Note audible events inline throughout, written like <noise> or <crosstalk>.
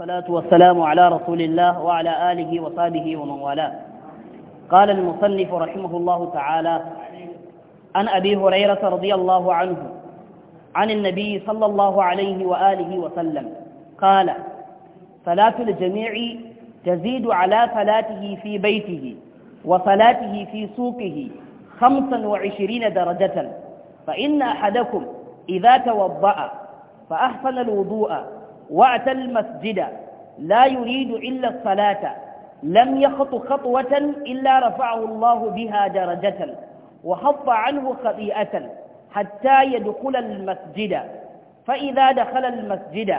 والصلاة والسلام على رسول الله وعلى آله وصحبه ومن والاه قال المصنف رحمه الله تعالى عن أبي هريرة رضي الله عنه عن النبي صلى الله عليه وآله وسلم قال صلاة الجميع تزيد على صلاته في بيته وصلاته في سوقه خمسا وعشرين درجة فإن أحدكم إذا توضأ فأحسن الوضوء وأتى المسجد لا يريد إلا الصلاة لم يخط خطوة إلا رفعه الله بها درجة وحط عنه خطيئة حتى يدخل المسجد فإذا دخل المسجد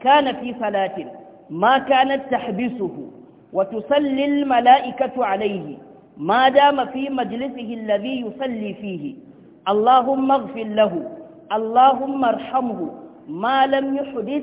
كان في صلاة ما كانت تحبسه وتصلي الملائكة عليه ما دام في مجلسه الذي يصلي فيه اللهم اغفر له اللهم ارحمه ما لم يحدث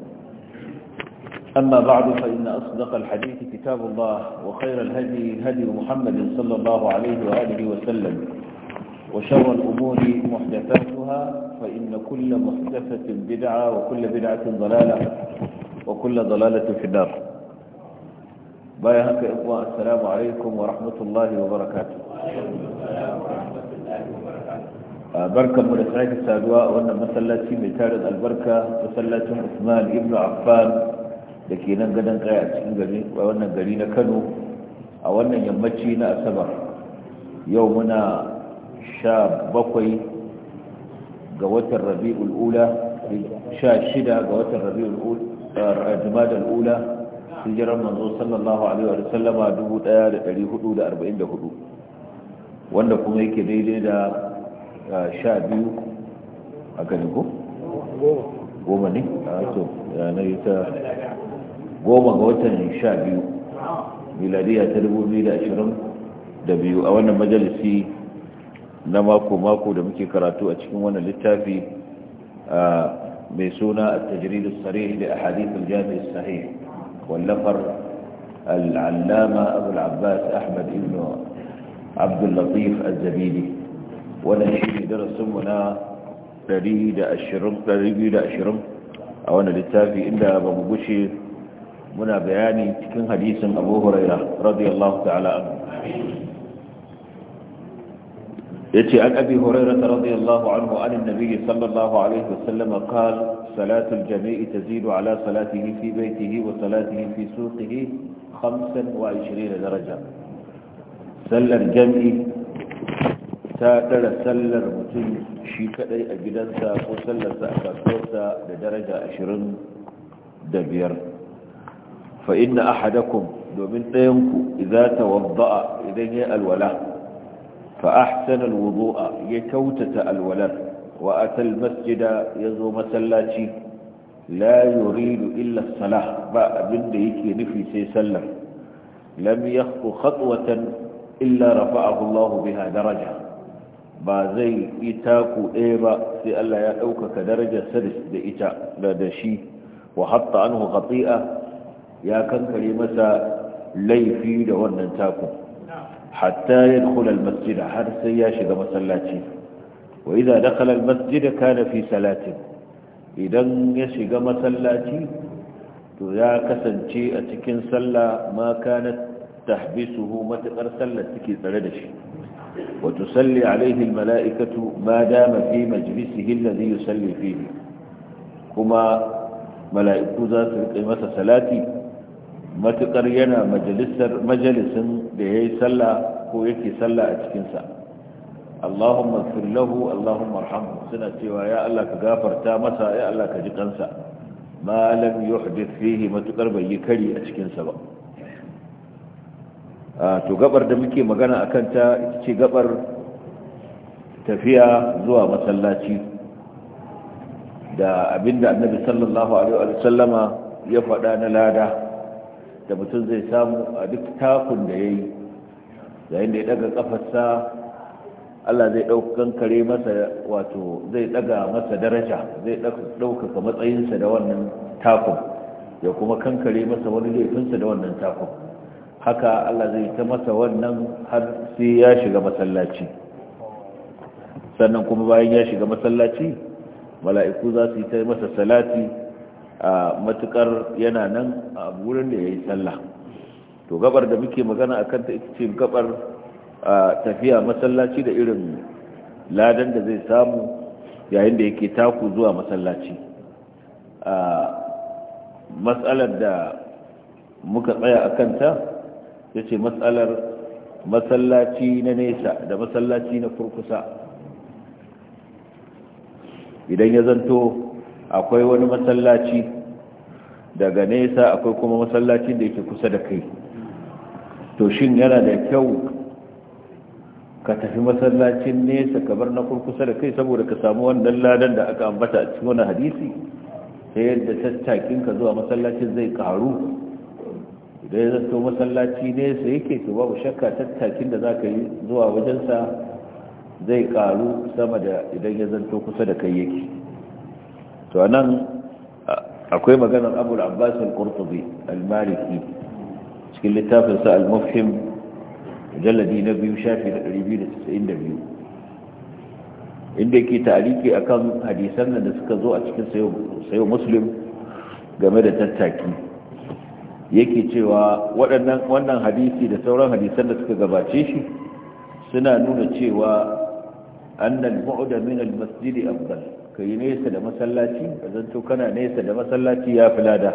أما بعد فإن أصدق الحديث كتاب الله وخير الهدي هدي محمد صلى الله عليه وآله وسلم وشر الأمور محدثاتها فإن كل محدثة بدعة وكل بدعة ضلالة وكل ضلالة في النار بايهك إخوة السلام عليكم ورحمة الله وبركاته آه، بركة مرسعيك السادواء وأن مسلاتي متارد البركة مسلاتي عثمان ابن عفان da ke nan gadon kaya a cikin gari a wannan gari na kano a wannan yammaci na asabar yau muna sha bakwai ga watan rabi'ul ula sha shida ga watan rabi'ul jimadar ula hijirar manzo sallallahu alaihi wa sallama 1444 wanda kuma yake daidai da sha biyu a ganin ko? goma ne? a to yanayi ta goma ga watan sha biyu miladiya ta dubu biyu da ashirin da biyu a wannan majalisi na mako-mako da muke karatu a cikin wannan littafi mai suna a tajiridus tsari da a ahadithul jami'is sahih wallafar al'allama abu al'abbas ahmad ibn abdul latif al-zabidi wannan shi ne darasinmu na 120 a wannan littafi inda ba mu gushe muna bayani cikin hadisin abu huraira radiyallahu ta'ala anhu يتي عن أبي هريرة رضي الله عنه عن النبي صلى الله عليه وسلم قال صلاة الجميع تزيد على صلاته في بيته وصلاته في سوقه خمسا وعشرين درجة سلر جمعي تادر سلر متن شيكتي أجدنسا وسلر سأكاسوسا لدرجة عشرين دبير fa inna ahadakum domin ɗayanku ta tawadda'a idan ya alwala fa ahsana alwudu'a ya kyautata alwalar wa atal masjida yazo masallaci la yuridu illa salah ba abinda yake nufi sai sallar lam yakhtu khatwatan illa rafa'ahu Hullahu biha daraja ba zai yi taku ɗaya ba sai Allah ya ɗaukaka darajar sadis da ita da da shi wa hatta anhu khati'a ya kankare masa laifi da wannan taku. hatta ya dukula masjida har sai ya shiga masallaci wa idza masjida almasjida kana fi salatin idan ya shiga masallaci to ya kasance a cikin sallah ma na tahbisuhu matakar sallar take tsare da shi wato tusalli alaihi mala'ikatu ma dama fi majlisihi alladhi yusalli fihi kuma mala'iku za su rike masa salati matuƙar yana majalisin da ya yi sallah ko yake sallah a cikinsa allahumma fillahu allahumma arhamhu suna cewa ya allah ka gafarta masa ya allah ka ji kansa ma lam yuhdith fihi matukar bai yi kari a cikinsa ba to gabar da muke magana akan ta ita ce gabar tafiya zuwa masallaci da abinda annabi sallallahu alaihi wa sallama ya faɗa na lada da mutum zai samu a duk takun da ya yi yayin da ya daga kafarsa allah zai ɗaukan kare masa wato zai daga masa daraja zai ɗaukaka matsayinsa da wannan takun ya kuma kankare masa wani laifinsa da wannan takun haka allah zai ta masa wannan har sai ya shiga masallaci sannan kuma bayan ya shiga masallaci mala'iku za su yi ta masa salati matukar yana nan a wurin da ya yi sallah to gabar da muke magana a kanta ita ce gabar tafiya masallaci da irin ladan da zai samu yayin da yake taku zuwa masallaci matsalar da muka tsaya a kanta ya ce matsalar masallaci na nesa da masallaci na kurkusa idan ya zanto akwai wani masallaci daga nesa akwai kuma masallacin da yake kusa da kai to shin yana da kyau ka tafi masallacin nesa ka bar na kurkusa da kai saboda ka samu wannan ladan da aka ambata a cikin wani hadisi ta yadda tattakin ka zuwa masallacin zai karu idan ya zato masallaci nesa yake to babu shakka tattakin da za ka yi zuwa wajensa zai karu sama da idan ya zanto kusa da kai yake to akwai maganar abu al-abbas al-qurtubi al-maliki cikin littafin sa al-mufhim mujalladi na biyu shafi na 292 inda yake ta'aliki akan hadisan nan da suka zo a cikin sayo muslim game da tattaki yake cewa waɗannan wannan hadisi da sauran hadisan da suka gabace shi suna nuna cewa annal mu'da min al-masjid afdal ka yi nesa da masallaci ka zanto kana nesa da masallaci ya fi lada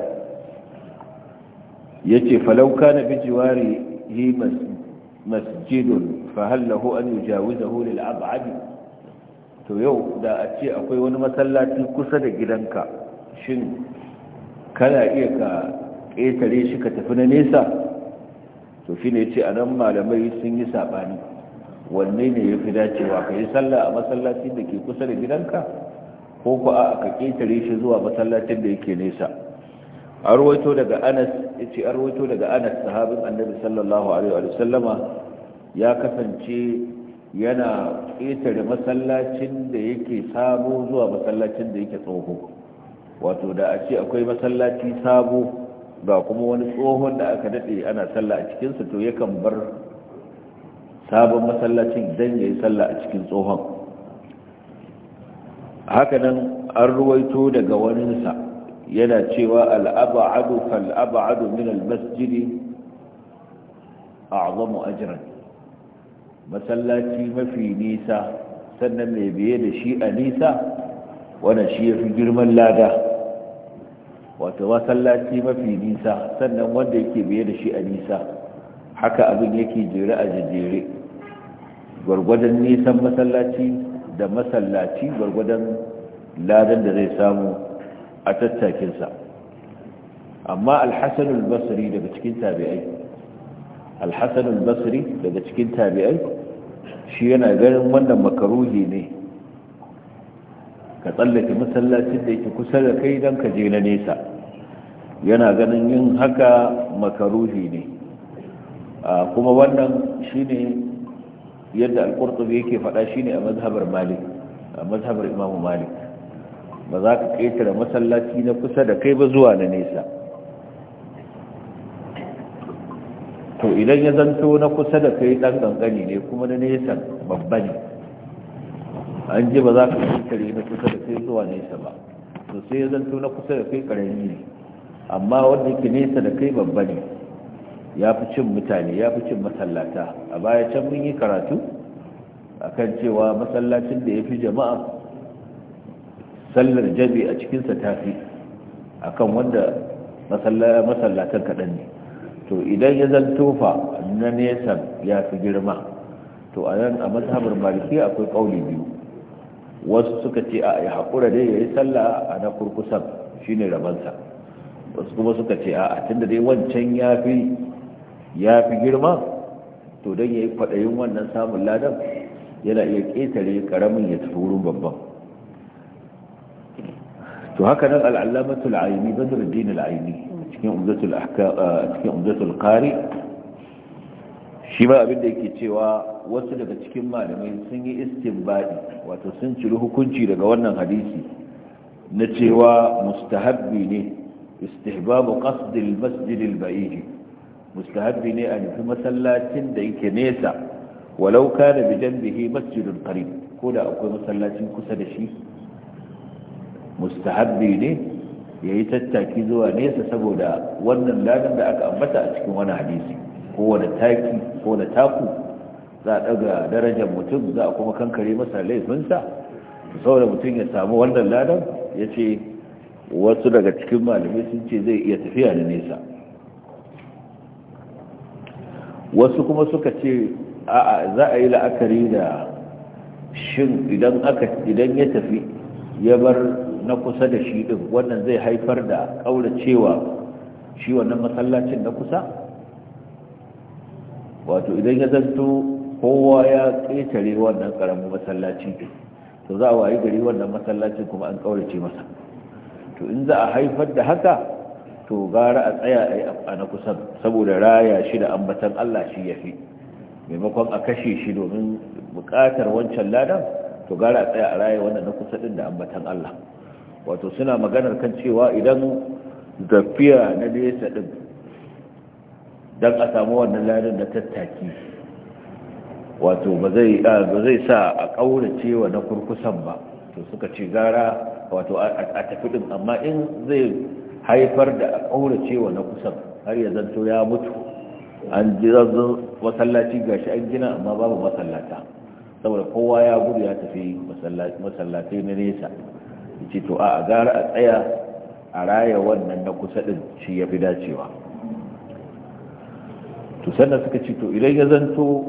ya ce falauka na bijiwari yi masjidun fahallahu an yi jawizahu lil'ab'adi to yau da a ce akwai wani masallaci kusa da gidanka shin kana iya ka ƙetare shi ka tafi na nesa to shi ne ce a nan malamai sun yi saɓani wanne ne ya fi dacewa ka yi sallah a masallaci da ke kusa da gidanka ko ku a ka ƙetare shi zuwa masallacin da yake nesa a rawaito daga anas ya daga anas sahabin annabi sallallahu alaihi wa sallama ya kasance yana ƙetare masallacin da yake sabo zuwa masallacin da yake tsoho wato da a ce akwai masallaci sabo ga kuma wani tsohon da aka daɗe ana sallah a cikinsa to yakan bar sabon masallacin don ya yi sallah a cikin tsohon hakanan an ruwaito daga waninsa yana cewa al'aba'adu fal'aba'adu min al-masjidi a'zamu ajran masallaci mafi nisa sannan mai biye da shi a nisa wanda shi ya fi girman lada wata masallaci mafi nisa sannan wanda yake biye da shi a nisa haka abin yake jere a jejjere gwargwadon nisan masallaci da masallaci gwargwadon ladan da zai samu a tattakinsa amma alhassanul basri daga cikin tabi'ai alhassanul basri daga cikin tabi'ai shi yana ganin wannan makaruhi ne ka tsallake masallacin da yake kusa da kai don ka je na nesa yana ganin yin haka makaruhi ne ah, kuma wannan shi ne yadda al-qurtubi yake faɗa shine a mazhabar malik a mazhabar imam malik ba za ka ƙetare masallaci na kusa da kai ba zuwa na nesa to idan ya zanto na kusa da kai ɗan gangani ne kuma na nesa babba ne an ji ba za ka ƙetare na kusa da kai zuwa nesa ba to sai ya zanto na kusa da kai ƙarami ne amma wanda ke nesa da kai babba ne ya fi cin mutane ya fi cin masallata a baya can mun yi karatu akan cewa masallacin da ya fi jama'a sallar jabi a cikinsa ta fi a kan wanda masallatan kaɗan ne to idan ya zan fa na nesa ya fi girma to a nan a mazhabar maliki akwai ƙauli biyu wasu suka ce a ya haƙura dai ya yi sallah a na kurkusan shine rabansa wasu kuma suka ce a tunda dai wancan ya fi ya fi girma to don ya yi kwaɗayin wannan samun ladan yana iya ƙetare ƙaramin ya tafi wurin babban to haka nan al'allamatul aini badruddin al'aini cikin umzatul cikin shi ba abin da yake cewa wasu daga cikin malamai sun yi baɗi wato sun ciri hukunci daga wannan hadisi na cewa mustahabbi ne istihbabu qasdil masjidil ba'id mustahabbi ne a nufi masallacin da yake nesa walau da bijan janbihi masjidun qarib ko da akwai masallacin kusa da shi mustahabbi ne yayi tattaki zuwa nesa saboda wannan ladan da aka ambata a cikin wani hadisi ko wani taki ko wani taku za a daga darajar mutum za a kuma kankare masa laifinsa saboda mutum ya samu wannan ladan yace wasu daga cikin malamai sun ce zai iya tafiya da nesa wasu kuma suka ce a'a za a yi la'akari da shin idan aka idan ya tafi ya bar na kusa da shi din wannan zai haifar da kaula cewa shi wannan masallacin na kusa wato idan ya zanto kowa ya ƙetare wannan ƙaramin masallaci to za a wayi gari wannan masallacin kuma an kaurace masa to in za a haifar da haka to gara a tsaya a na kusan saboda raya shi da ambatan Allah shi ya fi maimakon a kashe shi domin bukatar wancan ladan to gara a tsaya a raya wannan na kusa din da ambatan Allah wato suna maganar kan cewa idan tafiya na nesa din don a samu wannan ladan na tattaki wato ba zai sa a ƙaurace wa na kurkusan ba to suka ce gara wato a tafi din amma in zai haifar da a cewa na kusan har ya zanto ya mutu an ji zazzun masallaci gashi an gina amma babu masallata saboda kowa ya gudu ya tafi masallatai na nesa ce to a gara a tsaya a raya wannan na kusa din shi ya fi dacewa to sannan suka ce to idan ya zanto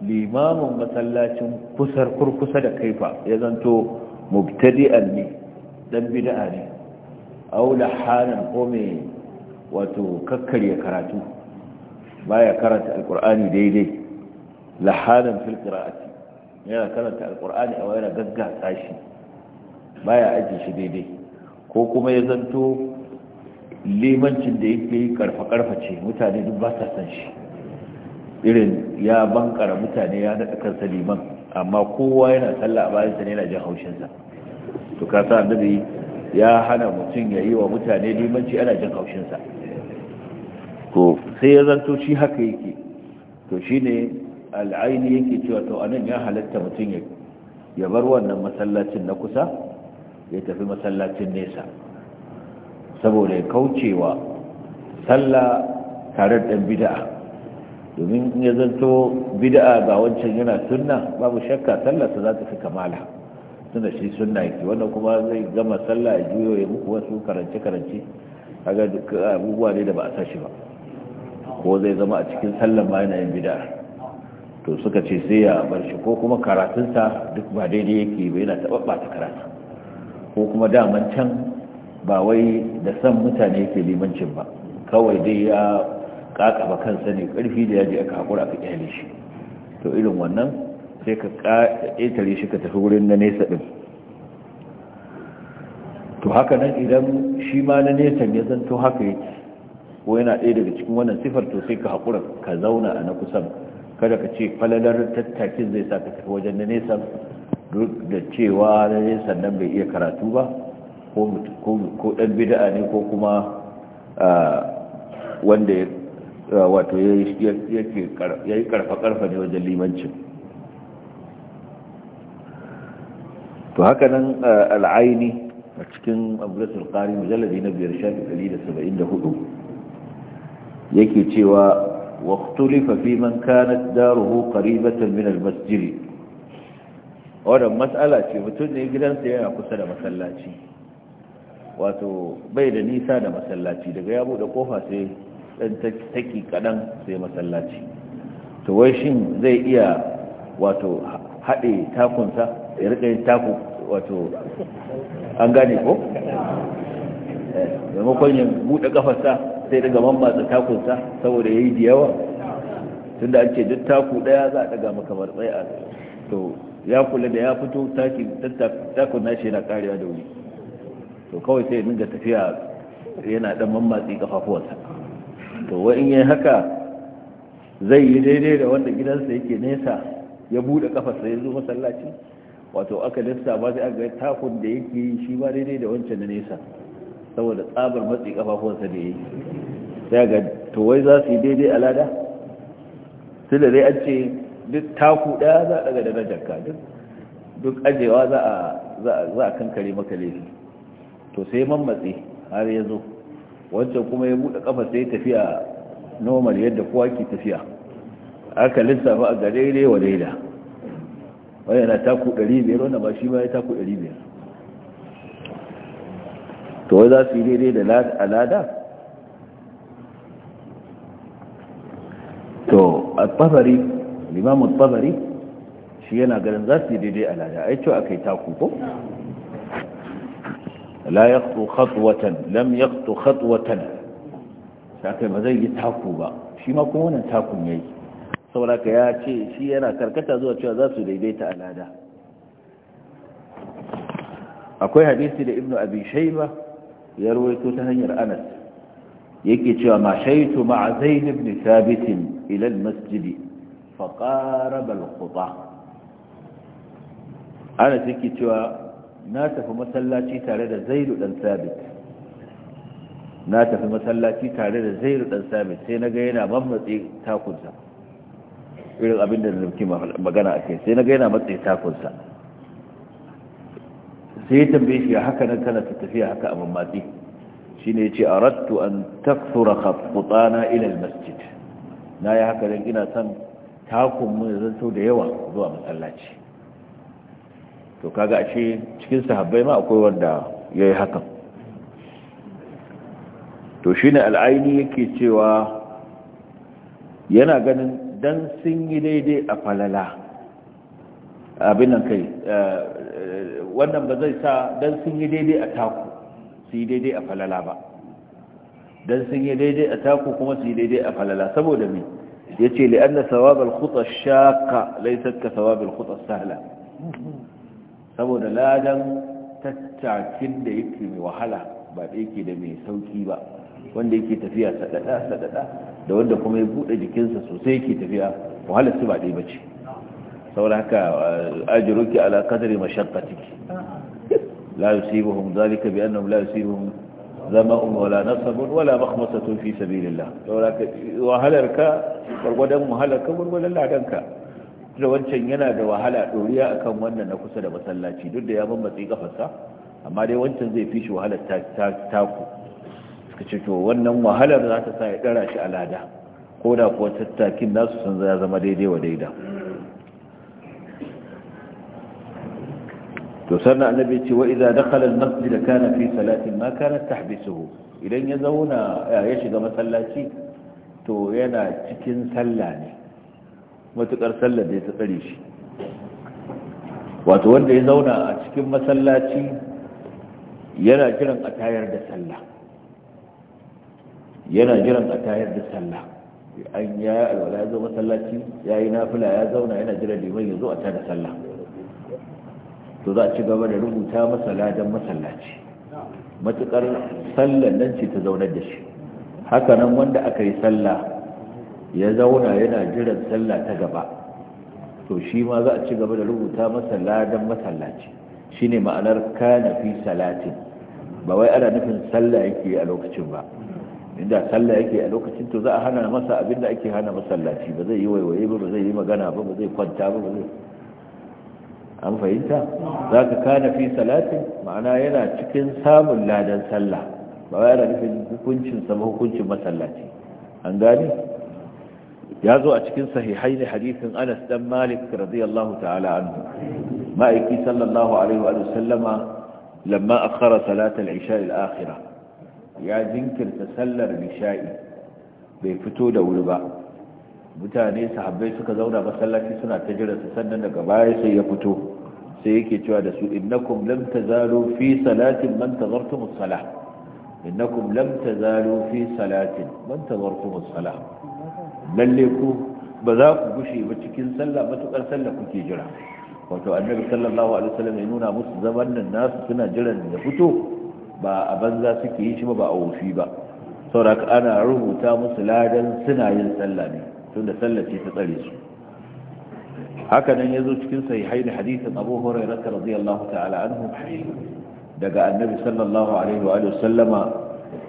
limamin masallacin kusar kurkusa da kaifa ya zanto mubtadi'an ne dan bid'a ne aula halin komai wato kakkarya karatu baya karanta alkur'ani daidai lahanan fil qira'ati yana karanta alkur'ani a wayar gaggasa shi baya aji shi daidai ko kuma ya zanto limancin da yake yi karfa karfa ce mutane duk ba sa san shi irin ya bankara mutane ya daɗa kansa liman amma kowa yana sallah a bayansa ne yana jin haushinsa to ka sa annabi ya hana mutum ya yi wa mutane limanci ana jin haushinsa sai ya zanto shi haka yake to shi ne al'aini yake cewa to anan ya halatta mutum ya bar wannan masallacin na kusa ya tafi masallacin nesa saboda ya kaucewa sallah tare da bid'a domin ya zanto bid'a ga wancan yana sunna babu shakka sallarsa za ta fi kamala tunda shi sunna yake wannan kuma zai gama sallah ya juyo ya muku wasu karance karance kaga duk abubuwa ne da ba a sashi ba ko zai zama a cikin sallan ma yana yin bid'a to suka ce sai ya bar shi ko kuma karatunsa duk ba daidai yake ba yana taɓaɓɓata karatu ko kuma daman can ba wai da san mutane yake limancin ba kawai dai ya kakaba kansa ne karfi da ya je aka haƙura aka kyale shi to irin wannan sai ka ƙetare shi ka tafi wurin na nesa ɗin to haka nan idan shi ma na nesa ya zanto haka yake ko yana ɗaya daga cikin wannan sifar to sai ka haƙura ka zauna a na kusan kada ka ce falalar tattakin zai sa ka tafi wajen na nesa duk da cewa na nesa nan bai iya karatu ba ko ɗan bida'a ne ko kuma wanda wato ya yi karfa-karfa ne wajen limancin to haka nan al'aini a cikin abdulatul qari mujalladi na biyar shafi hudu yake cewa waqtulifa fafi man kanat daruhu qaribatan min minar masjid wannan ce mutum ne gidansa yana kusa da masallaci wato bai da nisa da masallaci daga ya buɗe kofa sai ɗan taƙi kaɗan sai masallaci to wai shin zai iya wato haɗe takunsa ya rika yin taku wato an gane ko eh, maimakon kwanye buɗe ƙafarsa sai daga mammatsa takunsa saboda ya yi da yawa tun da an ce duk taku ɗaya za a daga makamar a to ya kula da ya fito takun nashi yana ƙariya da wuri to kawai sai ya tafiya yana ɗan mammatsi ƙafafuwarsa to wa in yi haka zai yi daidai da wanda gidansa yake nesa ya buɗe ƙafarsa ya zo masallaci wato aka lissa ba sai aka ga takun da yake yi shi ba daidai da wancan na nesa saboda tsabar matsi kafafuwansa da yake sai ga to wai za su yi daidai a lada sai da zai an ce duk taku daya za a daga da ka duk duk ajewa za a za a kankare maka laifi to sai man matsi har ya zo wancan kuma ya buɗe kafa sai tafiya normal yadda kowa ke tafiya aka lissafa a ga daidai wa daidai wani yana taku 500 wanda ba shi ma ya taku 500 to wai za su yi daidai da alada to a tabari limamun tabari shi yana ganin za su yi daidai alada ai cewa kai taku ko la yaqtu khatuwatan lam yaqtu ta kai ba zai yi taku ba shi ma kuma wannan takun ya yi. saboda ka ya ce shi yana karkata zuwa cewa za su daidaita alada akwai hadisi da ibnu abi shaiba, ya rawaito ta hanyar anas yake cewa ma shaitu ma zain ibn thabit ila al-masjid fa qaraba al anas yake cewa na tafi masallaci tare da zaidu dan thabit na tafi masallaci tare da zaidu dan thabit sai naga yana mammatsi takunsa irin abin da nufi magana a kai sai na gaina matsayi takunsa sai ya tambaye shi haka nan kana tafiya haka abin matsi shi ne ce a rattu an takfura kafutana ilal masjid na yi haka don ina son takun mu zan da yawa zuwa masallaci to kaga a ce cikin sahabbai ma akwai wanda ya yi hakan to shi ne al'aini yake cewa yana ganin don sun yi daidai a falala abin nan kai eh, eh, wannan ba zai sa don sun yi daidai a taku su yi daidai a falala ba don sun yi daidai a taku kuma su yi daidai a falala saboda mai ya ce da sawabal kutsa shaka laisar ka sawabal khuta sahla saboda ladan tattakin da yake mai wahala ba da yake da mai sauki ba wanda yake tafiya sadada sadada da wanda kuma ya bude jikinsa sosai yake tafiya wahalar su ba dai bace saboda haka ah, ajruki ala qadri mashaqqatiki la yusibuhum zalika bi annahum la yusibuhum zama'un wala nasabun wala makhmasatun fi sabilillah saboda haka wahalarka gurgudan wahalarka gurgudan ladanka da wancan yana da wahala doriya akan wannan na kusa da masallaci duk da ya bambatsi kafarsa amma dai wancan zai fi shi wahalar ku. suka ce to wannan wahalar za ta sa ya ɗara shi a lada ko da kuwa tattakin nasu sun ya zama daidai wa daida to sannan annabi ce wa idza dakhala al-masjid kana fi salatin ma kanat tahbisuhu idan ya zauna ya shiga masallaci to yana cikin sallah ne matukar sallar da ya tsare shi wato wanda ya zauna a cikin masallaci yana kiran a tayar da sallah yana jiran a tayar da sallah an ya alwala ya zo masallaci ya yi nafila ya zauna yana jiran liman ya zo a da sallah to za a ci gaba da rubuta masa ladan masallaci matukar sallan nan ce ta zaunar da shi hakanan wanda aka yi sallah ya zauna yana jiran sallah ta gaba to shi ma za a ci gaba da rubuta masa ladan masallaci shine ma'anar kana fi salatin ba wai ana nufin sallah yake a lokacin ba inda sallah yake a lokacin to za a hana masa abin da ake hana masallaci ba zai yi waiwaye ba ba zai yi magana ba ba zai kwanta ba ba zai an fahimta za ka kana fi salatin ma'ana yana cikin samun ladan sallah ba ya da nufin hukuncin sama hukuncin masallaci an gani ya zo a cikin sahihai ne hadisin anas dan malik radiyallahu ta'ala anhu ma'aiki sallallahu alaihi wa sallama lamma akhara salatal isha al-akhirah ya jinkirta sallar nisha'i bai fito da wuri ba mutane sahabbai suka zauna masallaci suna ta jira su sannan daga baya sai ya fito sai yake cewa da su innakum lam tazalu fi salatin man tazartum as-salah innakum lam tazalu fi salatin man tazartum as-salah lalle ku ba za ku gushe ba cikin sallah matukar sallah kuke jira wato annabi sallallahu alaihi wasallam ya nuna musu zaman nan nasu suna jiran da fito ba a banza suke yi shi ba ba a wofi ba sauraka ana rubuta musu ladan suna yin sallah ne tunda sallah ce ta tsare su haka nan zo cikin sahihain hadisin Abu Hurairah radiyallahu ta'ala anhu daga Annabi sallallahu alaihi wa sallama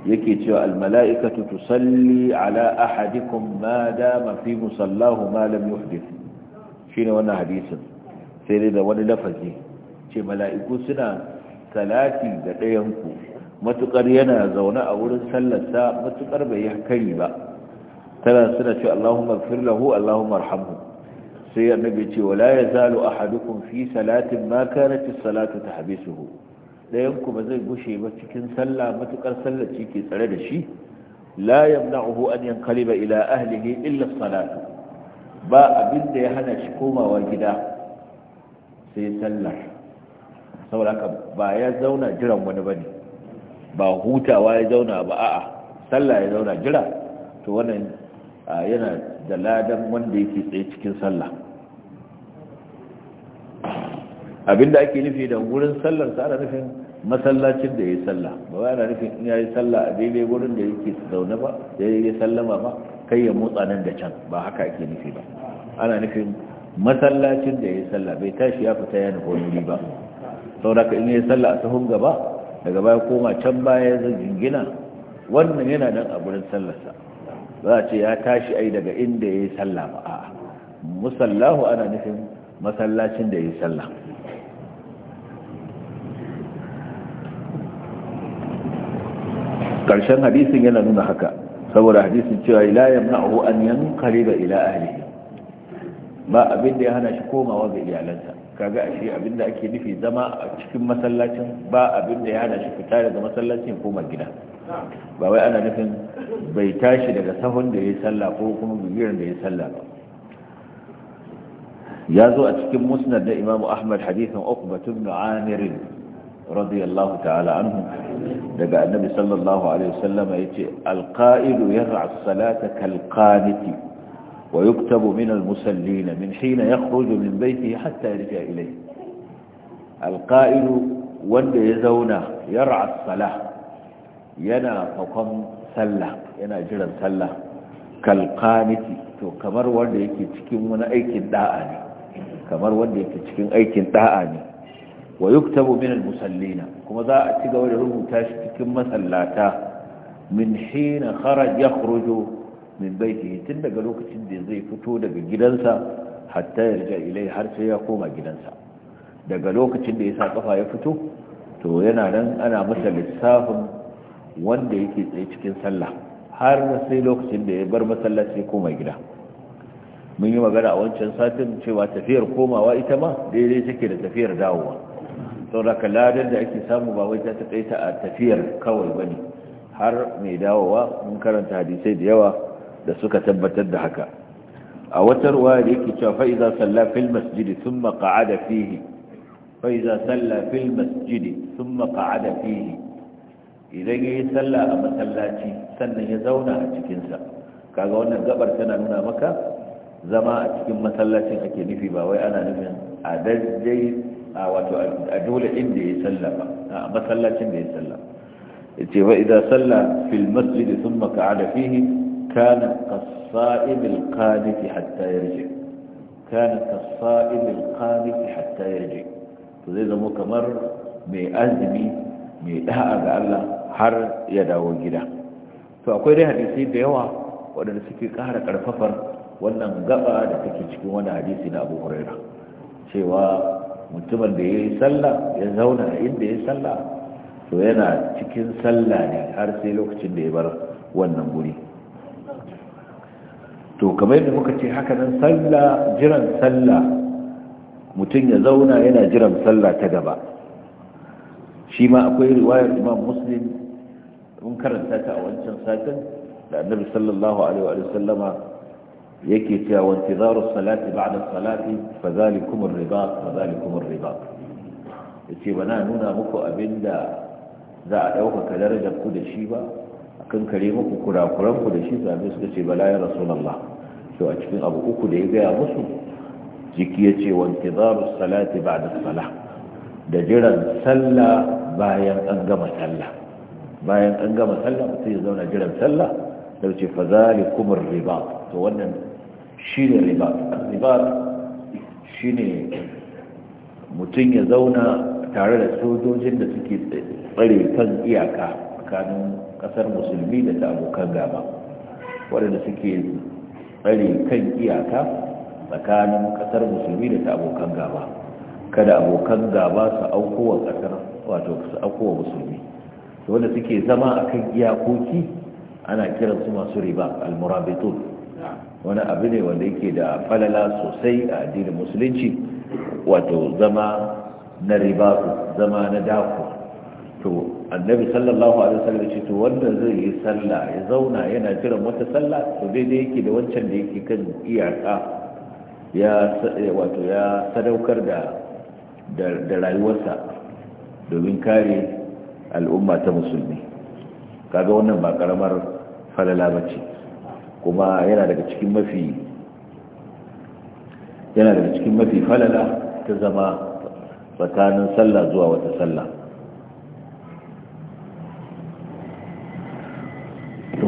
yake cewa al tusalli ala ahadikum ma dama fi musallahu ma lam yuhdith shine wannan hadisin sai da wani lafazi ce mala'iku suna salati da ɗayanku matuƙar yana zaune a wurin sallarsa matuƙar bai yi kari ba tana suna ce Allahumma gfir lahu Allahumma arhamhu sai bai ce wala a ahadukum fi salatin ma kanat as-salatu tahbisuhu ɗayanku ba zai gushe ba cikin sallah matuƙar sallar ke tsare da shi la yamna'uhu an kaliba ila ahlihi illa as-salatu ba abin da ya hana shi komawa gida sai sallar saboda haka ba ya zauna jiran wani ba ne ba hutawa ya zauna ba a'a sallah ya zauna jira to wannan yana da ladan wanda yake tsaye cikin sallah abinda ake nufi da wurin sallar sa ana nufin masallacin da yayi sallah ba ana nufin in yayi sallah a daidai wurin da yake zaune ba yayi sallama ba kai ya motsa nan da can ba haka ake nufi ba ana nufin masallacin da yayi sallah bai tashi ya fita ya nufi ba sauraka in yi sallah a sahun gaba daga baya koma can baya zai jingina wannan yana nan a gurin sallarsa za a ce ya tashi ai daga inda ya yi sallah ba a musallahu ana nufin masallacin da ya yi sallah ƙarshen hadisin yana nuna haka saboda hadisin cewa la yamna'u an ga ila ahlihi ba abin da ya hana shi komawa ga iyalansa kaga ashe abinda ake nufi zama a cikin masallacin ba abinda ya hana shi fita daga masallacin koma gida ba wai ana nufin bai tashi daga sahun da ya yi sallah ko kuma bigiran da ya yi sallah ba ya zo a cikin musnad na imamu ahmad hadithin uqbatun ibn amir radiyallahu ta'ala anhu daga annabi sallallahu alaihi wasallam yace alqa'idu yar'a as-salata kal ويكتب من المسلين من حين يخرج من بيته حتى يرجع إليه القائل وند يزونا يرعى الصلاة ينا فقم سلة ينا جلا سلة كالقانت كمر وند يكتكين من أيك الدعاني كمر وند يكتكين أيك الدعاني ويكتب من المسلين كما ذا أتقى وليه المتاشتكين مسلاتا من حين خرج يخرج min baiti tun daga lokacin da zai fito daga gidansa hatta yarja ilai har sai ya koma gidansa daga lokacin da ya sa kafa ya fito to yana nan ana masa lissafin wanda yake tsaye cikin sallah har sai lokacin da ya bar masallaci koma gida mun yi magana a wancan satin cewa tafiyar komawa ita ma daidai take da tafiyar dawowa sauraka ladar da ake samu ba wai ta taƙaita a tafiyar kawai bane har mai dawowa mun karanta hadisai da yawa da suka tabbatar da haka a wata ruwa da yake cewa fa'iza salla fil masjidi sun maka'ada fihi fa'iza salla fil masjidi sun maka'ada fihi idan ya yi salla a masallaci sannan ya zauna a cikinsa kaga wannan gabar tana nuna maka zama a cikin masallacin ake nufi ba wai ana nufin a daidai a wato a dole inda ya salla ba a masallacin da ya salla ce fa'iza salla fil masjidi sun maka'ada fihi kana kasa'ib alqanif hatta yarji kana kasa'ib alqanif to zai zama kamar mai azumi mai da'a ga Allah har ya dawo gida to akwai dai hadisi da yawa waɗanda suke kara ƙarfafar wannan gaba da take cikin wani hadisi na Abu Huraira cewa mutumin da ya yi sallah ya zauna inda ya yi sallah to yana cikin sallah ne har sai lokacin da ya bar wannan guri to kamar yadda muka ce haka nan sallah jiran sallah mutum ya zauna yana jiran sallah ta gaba shi ma akwai riwayar imam muslim mun karanta ta a wancan satin da annabi sallallahu alaihi wa sallama yake cewa wa intizaru salati ba'da salati fa zalikum ar-ribat fa zalikum ar-ribat yace bana nuna muku abinda za a dauka darajar ku da shi ba kan kare muku kurakuranku da shi sahabi suka ce bala ya rasulullah to a cikin abu uku da ya gaya musu jiki ya ce wa intizaru salati da salah da jiran sallah bayan an gama sallah bayan an gama sallah mutum ya zauna jiran sallah da ce fa kumar riba to wannan shine riba riba shine mutum ya zauna tare da sojojin da suke tsare kan iyaka tsakanin kasar musulmi da ta abokan gaba waɗanda suke tsare kan iyaka tsakanin kasar musulmi da ta abokan gaba kada abokan gaba su aukowa kasar wato su aukowa musulmi wanda suke zama a kan iyakoki ana kiransu masu riba almurabitun wani abu ne wanda yake da falala sosai a addinin musulunci wato zama na riba zama na dako to annabi sallallahu alaihi wasallam ce to wanda zai yi sallah ya zauna yana jiran wata sallah to daidai yake da wancan da yake kan iyaka ya wato ya sadaukar da da rayuwarsa domin kare al'umma ta musulmi kaga wannan ba karamar falala bace kuma yana daga cikin mafi yana daga cikin mafi falala ta zama tsakanin sallah zuwa wata sallah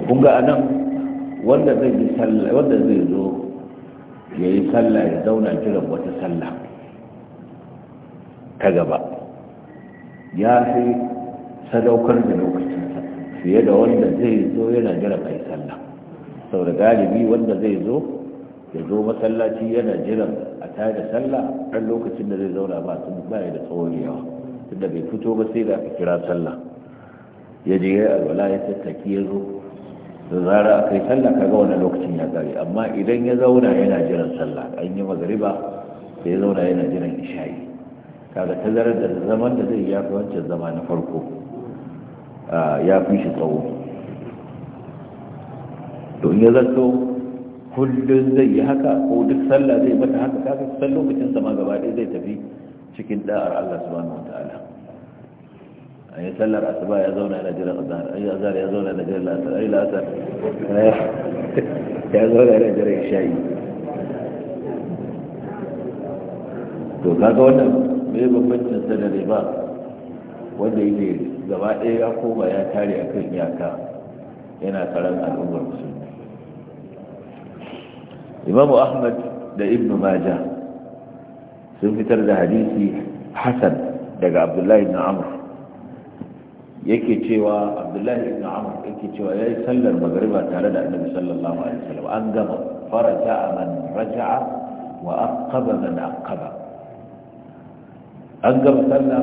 kun ga anan wanda zai yi sallah wanda zai zo ya yi sallah ya zauna jiran wata sallah ta gaba ya fi sadaukar da lokacinsa fiye da wanda zai zo yana jiran a yi sallah sau da galibi wanda zai zo ya zo masallaci yana jiran a tare da sallah ɗan lokacin da zai zauna ba su ba da tsawon yawa tunda bai fito ba sai da aka kira sallah ya je ya alwala ya tattaki ya zo da zara a kai sallah ka ga wannan lokacin ya gari amma idan ya zauna yana jiran sallah an yi magariba sai ya zauna yana jiran isha'i kaga tazarar da zaman da zai yafi wancan zama na farko ya fi shi tsawo to in ya zato kullum zai yi haka ko duk sallah zai mata haka kaga san lokacin zama gaba ɗaya zai tafi cikin da'ar Allah subhanahu ta'ala an yi sallar asuba ya zauna yana jiran azhar an yi azhar ya zauna yana jiran lasar an yi lasar eh, <laughs> ya zauna yana jiran isha'i to kaga wannan me bambancin sa da riba wanda yake gaba ɗaya ya koma ya tare a kan iyaka yana karan al'ummar musulmi imamu ahmad da ibnu maja sun fitar da hadisi hasan daga abdullahi ibn amr yake cewa abdullahi ibn amr yake cewa yayi sallar magriba tare da annabi sallallahu alaihi wasallam an gama faraja man raja'a wa aqaba man aqaba an gama sallah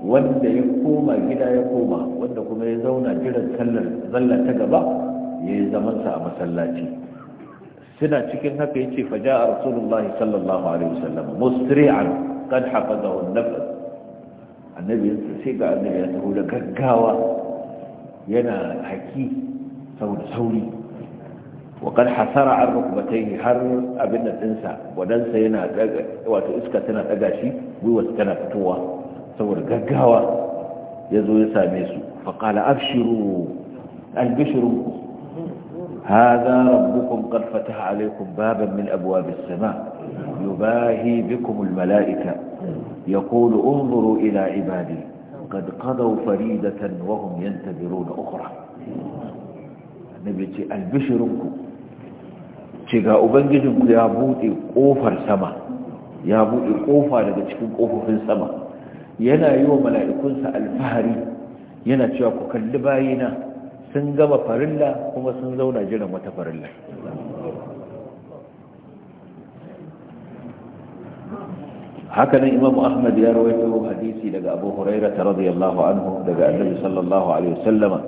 wanda ya koma gida ya koma wanda kuma ya zauna jiran sallar zalla ta gaba ya yi zamansa a masallaci suna cikin haka yace faja'a rasulullahi sallallahu alaihi wasallam musri'an qad hafazahu an-nafs annabinsa sai ga annabi ya taho da gaggawa yana haki saboda sauri wakar hasara an rukubatai har abin da ɗinsa wadansa yana wato iska tana ɗaga shi gwiwarsa tana fitowa saboda gaggawa ya zo ya same su faƙala afshiru albishirin هذا ربكم قد فتح عليكم بابا من أبواب السماء يباهي بكم الملائكة يقول انظروا إلى عبادي قد قضوا فريدة وهم ينتظرون أخرى خ ر ى نبتي البشركم تجا ابنجهم يا بوتي اوفر سماء يا بوتي اوفر لتشكيك اوفر في السما ينا يوم لا يكون س ا ينا تشاكك اللبائنه sun gama farilla kuma sun zauna jiran wata farilla hakanan imam ahmad ya rawaito hadisi daga abu huraira ta radiyallahu anhu daga annabi sallallahu alaihi wasallama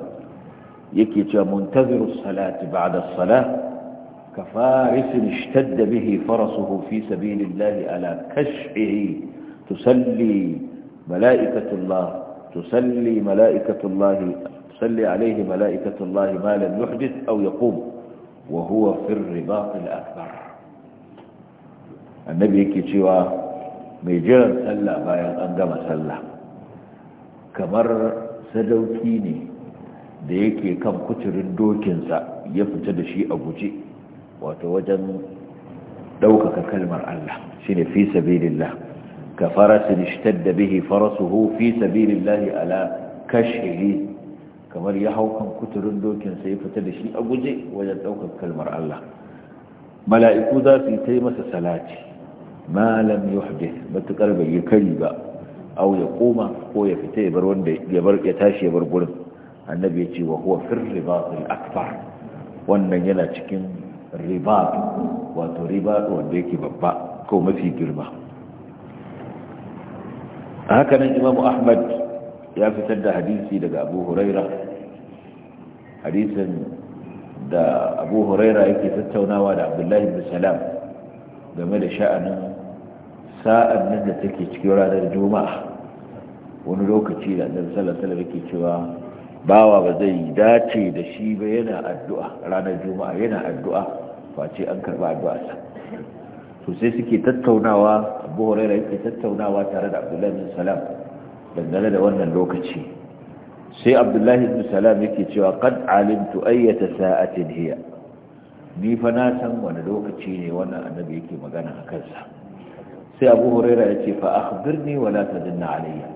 yake cewa muntaziru salati ba'da salah ka farisin ishtadda bihi farasuhu fi sabilillahi ala kashfihi tusalli mala'ikatullah tusalli mala'ikatullah تصلي عليه ملائكة الله ما لم يحدث أو يقوم وهو في الرباط الأكبر النبي كتوى ميجان سلا بايان أنقم سلا كمر سدوكيني da yake kan kuturin dokinsa ya fita da shi a guje wato wajen ɗaukaka kalmar Allah shi ne fi sabilillah ka farasin bihi farasuhu sabilillahi ala kamar ya hau kan kuturin dokin sai fita da shi a guje wajen ɗaukar kalmar Allah mala'iku za su yi ta masa salati malam yuhdith matukar bai yi kari ba au ya koma ko ya fita ya bar wanda ya bar ya tashi ya bar gurin annabi ya ce wa huwa fir akbar wannan yana cikin ribat wato ribat wanda yake babba ko mafi girma haka nan imamu ahmad ya fitar da hadisi daga abu huraira hadisin da abu huraira yake tattaunawa da abdullahi bin salam game da sha'anin sa'ad nan da take cikin ranar juma'a wani lokaci da annabi sallallahu alaihi yake cewa bawa ba zai dace da shi ba yana addu'a ranar juma'a yana addu'a face an karba sa. to sai suke tattaunawa abu huraira yake tattaunawa tare da abdullahi bin salam dangane da wannan lokaci sai abdullahi ibn salam yake cewa qad alimtu ayyata sa'atin hiya ni fa na san wani lokaci ne wannan annabi yake magana a kansa sai abu huraira ya ce fa akhbirni wa la tadunna alayya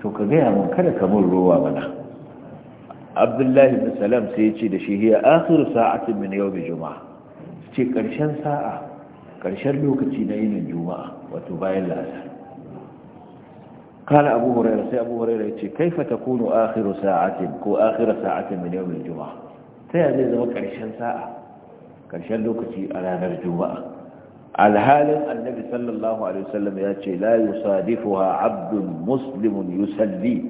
to ka gaya mun kada ka mun ruwa mana abdullahi ibn salam sai ya ce da shi hiya akhiru sa'atin min yawm juma'a ce karshen sa'a karshen lokaci na yinin juma'a wato bayan la'asar قال أبو هريرة سي أبو هريرة كيف تكون آخر ساعة كو آخر ساعة من يوم الجمعة سيزيز وكرشان ساعة كرشان لوكتي على نرجوة الهال النبي صلى الله عليه وسلم ياتي لا يصادفها عبد مسلم يسلي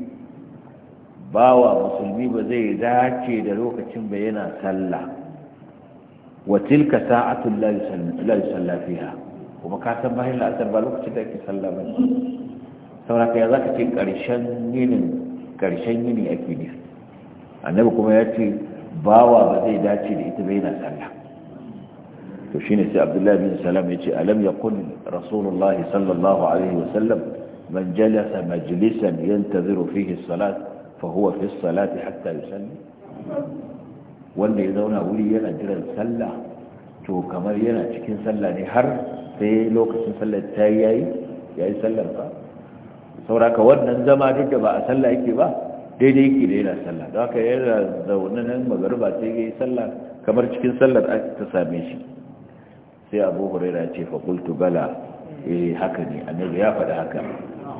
باوى مسلمي بزي ذاتي دلوكة بينا سلة وتلك ساعة لا يسلى, لا يسلى فيها وما كاتب بهي لا أتربى لوكتي ذاك سلة منه sauraka ya za ka ce ƙarshen yinin ƙarshen yini ake nufi annabi kuma ya ce bawa ba zai dace da ita bai na sallah to shi ne sai abdullahi bin salam ya ce alam yakun rasulullahi sallallahu alaihi wa sallam man jalasa majlisan yantaziru fihi salat fa huwa fi salat hatta yusalli wanda ya zauna wuri yana jiran sallah to kamar yana cikin sallah ne har sai lokacin sallar ta yi yayi yayi sallar ba sauraka wannan zama duk da ba a sallah yake ba daidai yake da yana sallah don haka yana zaune nan magarba sai ya yi sallah kamar cikin sallar ta same shi sai abu huraira ce fakultu bala eh haka ne annabi ya faɗi haka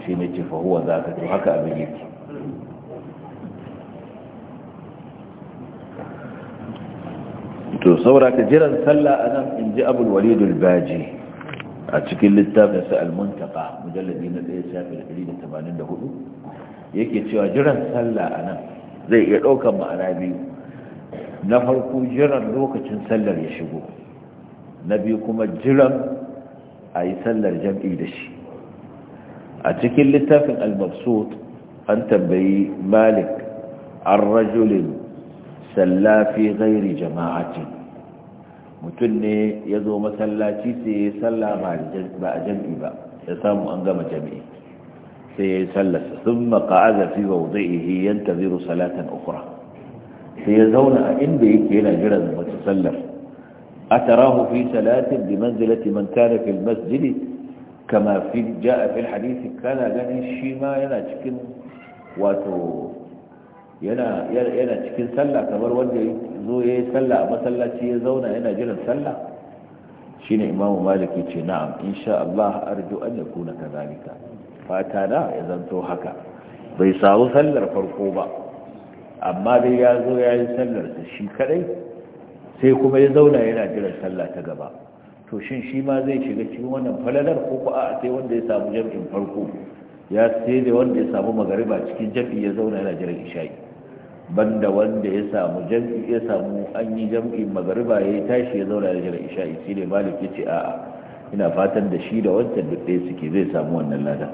shi ne ce fahuwa za ka to haka abin yake to sauraka jiran sallah anan in ji abul walidul baji a cikin littafin sa al-muntaka mujalladi na ɗaya shafi 184 yake cewa jiran sallah a nan zai iya ɗaukar ma'ana biyu na farko jiran lokacin sallar ya shigo na biyu kuma jiran a yi sallar jam'i da shi a cikin littafin al-mabsut an tambayi malik ar rajulin sallafi gairi jama'atin mutum ne ya zo masallaci sai ya yi sallah ba a jam'i ba ya samu an gama jam'i sai ya yi sallasa sun maka'aza fi wauza'ihi yan taziru salatan ukura sai ya zauna a inda yake yana jiran masu sallar a tarahu fi salatin bi manzilati man kana fil masjidi kama fi a fil hadisi kana ganin shi ma yana cikin wato yana cikin sallah kamar wanda yake zo ya yi sallah a masallaci ya zauna yana jiran sallah ne imamu malik ce na'am insha Allah arju an yakuna kazalika fata na ya zanto haka bai samu sallar farko ba amma dai ya zo ya yi sallar sa shi kadai sai kuma ya zauna yana jiran sallah ta gaba to shin shi ma zai shiga cikin wannan falalar ko ku a sai wanda ya samu jam'in farko ya sai da wanda ya samu magariba cikin jam'i ya zauna yana jiran isha'i banda wanda ya samu jam'i ya samu an yi jam'in magariba ya yi tashi ya zauna da jira isha'i shi ne malik ce a'a ina fatan da shi da wancan duk ɗaya suke zai samu wannan lada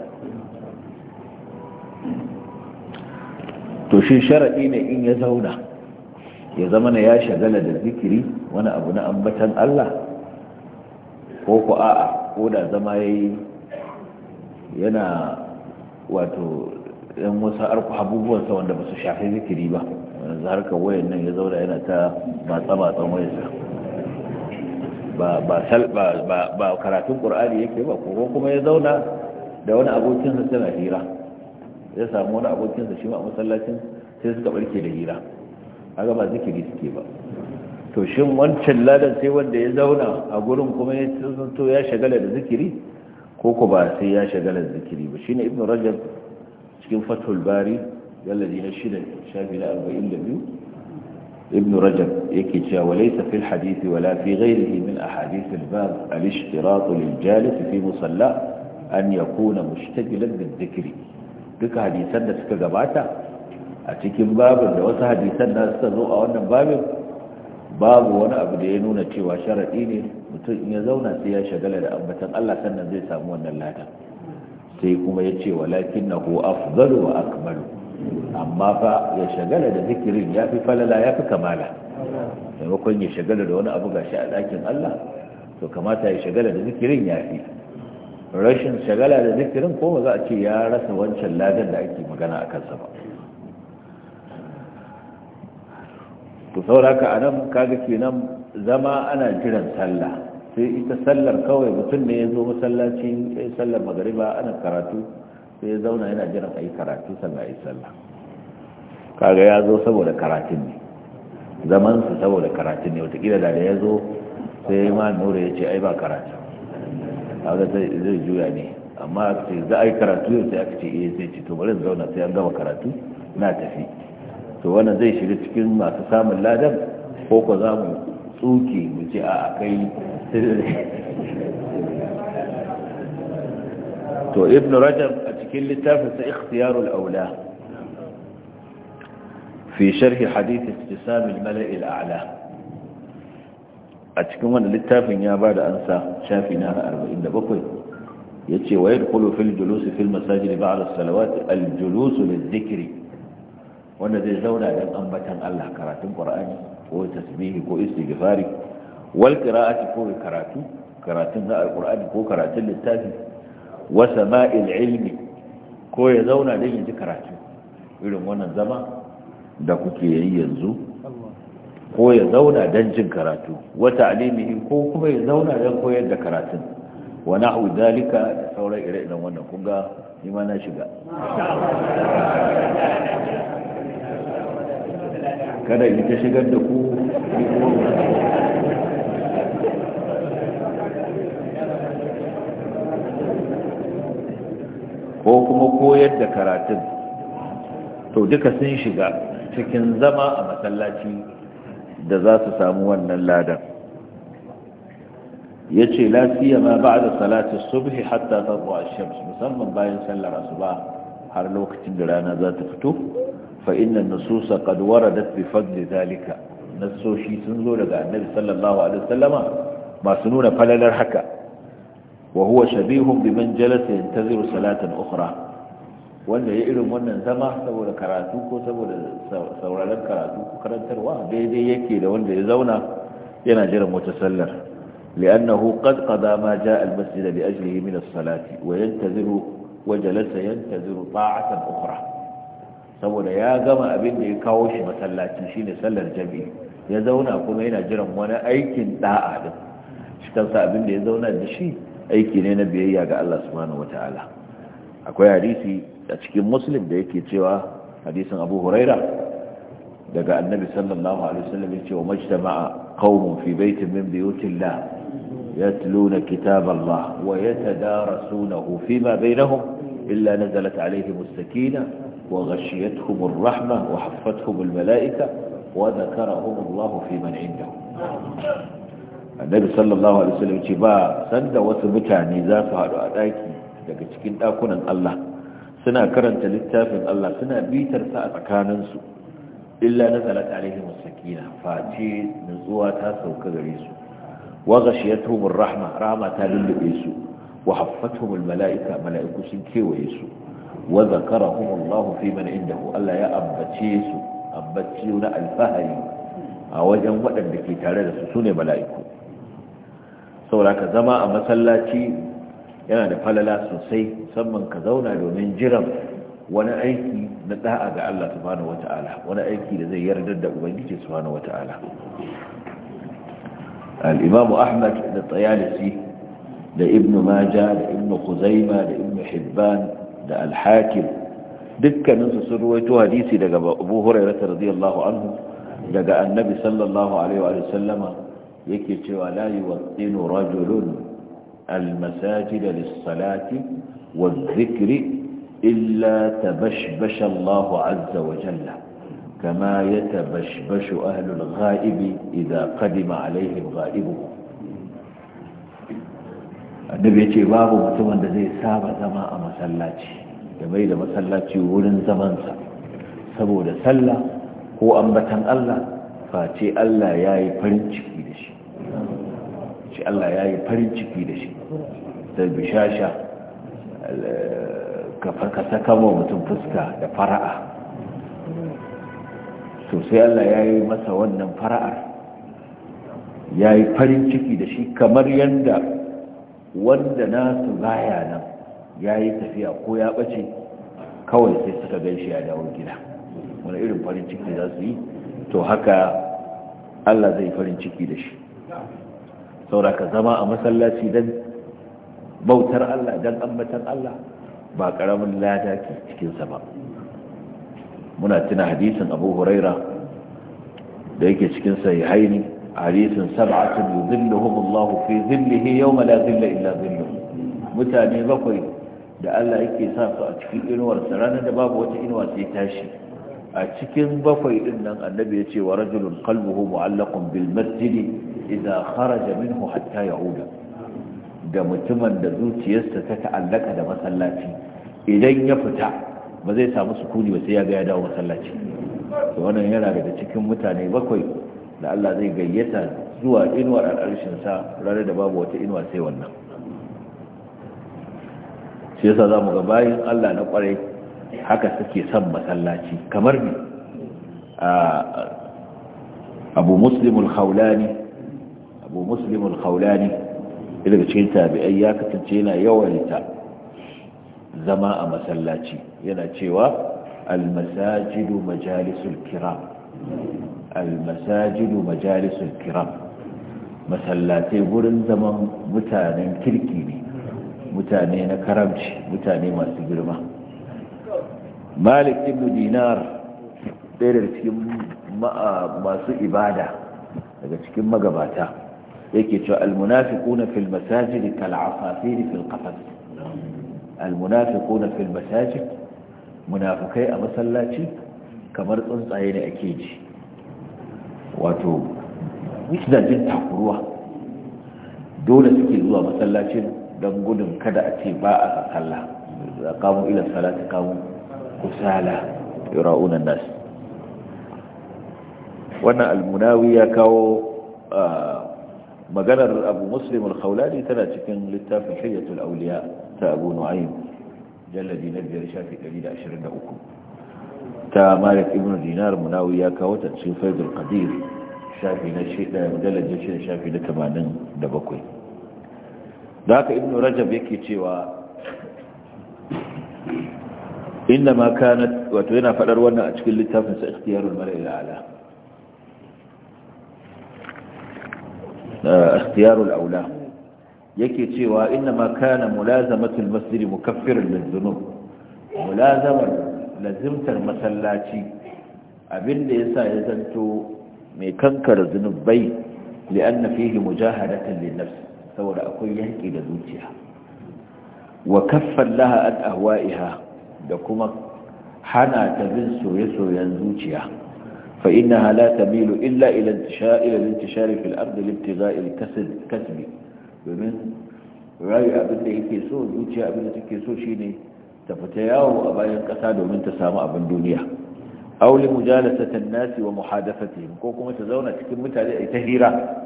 to shi sharaɗi ne in ya zauna ya zama na ya shagala da zikiri wani abu na ambatan Allah ko ku a'a ko da zama ya yi yana wato yan wasu abubuwansa wanda ba su shafi zikiri ba yanzu harkar wayan nan ya zauna yana ta matsa-matsan wayansa ba karatun ƙur'ani yake ba ko kuma ya zauna da wani abokinsa tana hira ya samu wani abokinsa shi ma masallacin sai suka barke da hira haka ba zikiri suke ba to shin wancan ladan sai wanda ya zauna a gurin kuma ya to ya shagala da zikiri ko ko ba sai ya shagala da zikiri ba shine ibnu rajab cikin fathul bari wallazi na shida shafi na arba'in da biyu ibn rajab yake cewa walaysa fil hadisi wala fi ghayrihi min a al bab al ishtirat lil fi musalla an yakuna mushtagilan bid duka hadisan da suka gabata a cikin babin da wasu hadisan na suka zo a wannan babin babu wani abu da ya nuna cewa sharaɗi ne mutum in ya zauna sai ya shagala da ambatan Allah sannan zai samu wannan latin sai kuma ya ce walakin na afzalu wa akmalu amma fa ya shagala da zikirin ya fi falala ya fi kamala maimakon ya shagala da wani abu gashi a ɗakin Allah to kamata ya shagala da zikirin ya fi rashin shagala da zikirin ko za a ce ya rasa wancan ladan da ake magana a kansa ba ku sauraka a nan kaga kenan zama ana jiran sallah sai ita sallar kawai mutum ne ya zo masallaci ya sallar magariba ana karatu sai ya zauna yana jiran a yi karatu sannan a yi sallah kaga ya zo saboda karatun ne zamansu saboda karatun ne watakila da ya zo sai ma nura ya ce ai ba karatu a haka zai juya ne amma sai za a yi karatu yau sai aka ce iya eh, sai ce to bari zauna sai an gama karatu na tafi to wannan zai shiga cikin masu samun ladan ko ko za mu tsuke mu ce a kai ابن رجب اتكل تافت اختيار الاولى في شرح حديث اكتسام الملأ الاعلى اتكم ان التافن يا بعد انسى شافنا اربعين دبقل يتي ويدخل في الجلوس في المساجد بعد الصلوات الجلوس للذكر وانا دي زونا الله كراتم قرآن هو تسبيه هو استغفاري wal qira'ati ko karatu karatun na alqur'ani ko karatun littafi wa sama'il ilmi ko ya zauna da yin karatu irin wannan zama da kuke yi yanzu ko ya zauna dan jin karatu wa ta'limihi ko kuma ya zauna dan koyar da karatun wa na'u zalika da sauran ire wannan wannan kunga ima na shiga kada in ta shigar da ku ko kuma koyar da karatun to duka sun shiga cikin zama a masallaci da za su samu wannan ladan ya ce lafiya ma ba da salatu subhi hatta ta zuwa shams musamman bayan sallar asuba har lokacin da rana za ta fito فإن النصوص قد وردت بفضل ذلك nasoshi sun zo daga annabi الله عليه وسلم masu nuna falalar haka. wa huwa shabihun biman jalasa yantaziru salatan wanda ya irin wannan zama saboda karatu ko saboda sauraron karatu ko karantarwa daidai yake da wanda ya zauna yana jiran wata sallar لأنه قد قضى ما جاء المسجد لأجله من الصلاة وينتظر وجلس ينتظر طاعة أخرى saboda ya gama abin da ya kawo shi masallaci shine sallar jam'i ya zauna kuma yana jiran wani aikin da'a din shi kansa abin da ya zauna da shi aiki ne na biyayya ga Allah subhanahu wata'ala akwai hadisi a cikin muslim da yake cewa hadisin abu huraira daga annabi sallallahu alaihi wasallam ya ce wa majtama'a qaumun fi baitin min buyutillah yatluna kitaballah wa yatadarasunahu fima bainahum illa nazalat alaihim as-sakinah wa ghashiyatuhum ar rahma wa haffathum al-mala'ika wa dhakarahum Allah fi man 'indahu annabi sallallahu alaihi wasallam ce ba sanda wasu mutane za su haɗu a ɗaki daga cikin ɗakunan Allah suna karanta littafin Allah suna bitarsa a tsakaninsu illa na zalat alaihi wasakina face nutsuwa ta sauka gare su wa ghashiyatuhum rahma rahma ta lullube su wa haffatuhum almalaika malaiku sun kewaye su wa zakarahum Allah fi man indahu Allah ya ambace su ambace na alfahari a wajen waɗanda ke tare da su sune mala'iku saura ka zama a masallaci yana da falala sosai musamman ka zauna domin jiran wani aiki na da'a ga Allah subhanahu wata'ala wani aiki da zai yarda da ubangiji subhanahu wata'ala al-imam ahmad da tayalisi da ibnu maja da ibnu khuzaima da ibnu hibban da al-hakim dukkaninsu sun ruwaito hadisi daga abu hurairah radiyallahu anhu daga annabi sallallahu alaihi wa sallama yake cewa la yuwattinu rajulun almasajida da salati wa zikiri illa tabashbasha Allah azza wa jalla kama yatabashbashu ahlul ghaibi idza kadima alaihim ghaibuhum annabi ya ce babu mutumin da zai saba zama a masallaci da mai da masallaci wurin zamansa saboda sallah ko ambatan Allah face Allah ya yi farin ciki da shi ce Allah ya yi farin ciki da shi da bishasha ka saka mutum fuska da fara'a sosai Allah ya yi masa wannan fara'ar ya yi farin ciki da shi kamar yadda wanda nasu baya nan ya yi tafiya ko ya ɓace kawai sai suka gan shi ya dawo gida wani irin farin ciki za su yi to haka Allah zai farin ciki da shi saura ka zama a masallaci don bautar Allah don ambatan Allah ba ƙaramin lada ke cikinsa ba muna tuna hadisin abu huraira da yake ya sahihaini hadisin sab'atun yuzilluhum Allah fi zillihi yawma la zilla illa zilluhu mutane bakwai da Allah yake sa su a cikin inuwarsa, ranar da babu wata inuwa sai tashi a cikin bakwai din nan annabi ya ce wa rajulun qalbuhu mu'allaqun bil masjidi idza kharaja minhu hatta ya'uda da mutumin da zuciyarsa ta ta'allaka da masallaci idan ya fita ba zai samu sukuni ba sai ya ga ya dawo masallaci to wannan yana daga cikin mutane bakwai da Allah zai gayyata zuwa inuwar al'arshin sa ranar da babu wata inuwa sai wannan shi yasa zamu ga bayin Allah na kwarai haka suke son masallaci kamar ni abu muslim al abu muslimul khawlani daga cikin tabi'ai ya kasance yana yawaita zama a masallaci yana cewa almasajidu majalisul kiram almasajidu majalisul kiram masallatai wurin zaman mutanen kirki ne mutane na karamci mutane masu girma malik ibn dinar ɗaya daga cikin masu ibada daga cikin magabata yake cewa almunafiquna fil masajid kal asafir fil qafas almunafiquna fil masajid munafikai a masallaci kamar tsuntsaye ne ake ji wato suna jin takuruwa dole suke zuwa masallacin don gudun kada a ce ba a sallah za kamun ilar salata kamun kusala ra'unan nasu wannan almunawi ya kawo ah, مجرر أبو مسلم الخولاني ثلاثة كان للتافحية الأولياء تأبو نعيم جل دينار جرشافي قليل أشرنا أكم مالك ابن دينار مناوي ياكاوتا سيفيد القدير شافي نشيئنا آه، مجل دينار شافي لتمانن دبكوي ذاك ابن رجب يكي تيوى إنما كانت وتوينا فالأروانا أتكل للتافحة اختيار المرء الأعلى ikhtiyarul aula yake cewa inna ma kana mulazamatul masjid mukaffiran lidhunub mulazamar lazimtar masallaci abinda yasa ya zanto mai kankar zunubai li'anna fihi mujahadatan lin-nafs saboda akwai yaki da zuciya wa kaffan laha an ahwa'iha da kuma hana ta bin soye-soyen zuciya فإنها لا تميل إلا إلى انتشار, إلى الانتشار في الأرض لابتغاء الكسب ومن رأي أبن ده كيسو زوجي أبن ده كيسو شيني تفتياه أبايا قصاد ومن تسامى أبن دنيا أو لمجالسة الناس ومحادثتهم كوكو متزونة كم متعلي تهيرا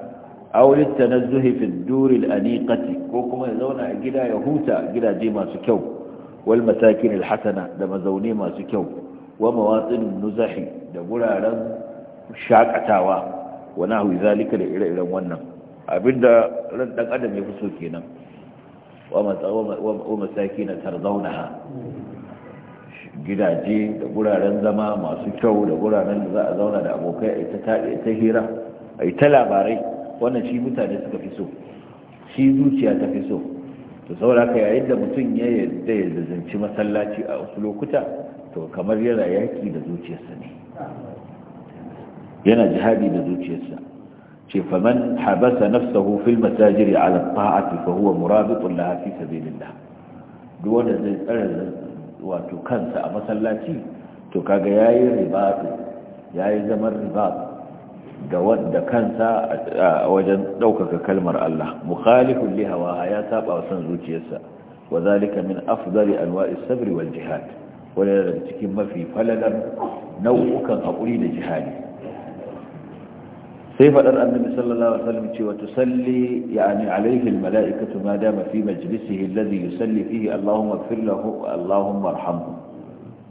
أو للتنزه في الدور الأنيقة كوكو متزونة جدا يهوتا جدا جيما سكو والمساكن الحسنة دمزوني ما سكو wa mawatsin nuzahi da guraren shakatawa wa nahwi zalika da ire-iren wannan abinda ran dan adam ya fi kenan wa masaki na tarzaunaha gidaje da guraren zama masu kyau da guraren da za a zauna da abokai a ita ta hira a ita labarai wannan shi mutane suka fi so shi zuciya ta fi so to ka yayin da mutum ya da ya zazanci masallaci a wasu lokuta to kamar yana yaki da zuciyarsa ne yana jihadi da zuciyarsa ce faman habasa nafsahu fil masajiri ala ta'ati fa huwa murabitun laha fi sabilillah duk wanda zai tsare wato kansa a masallaci to kaga yayi ribat yayi zaman da wanda kansa a wajen ɗaukaka kalmar Allah mukhalifun li hawa ya saba wa san zuciyarsa wa zalika min afdali anwa'is sabri wal jihad wani daga cikin mafi falalar nau'ukan haƙuri da jihadi sai faɗar annabi sallallahu alaihi wasallam cewa tusalli yani alaihi almala'ikatu ma dama fi majlisihi alladhi yusalli fihi Allahumma ighfir lahu Allahumma arhamhu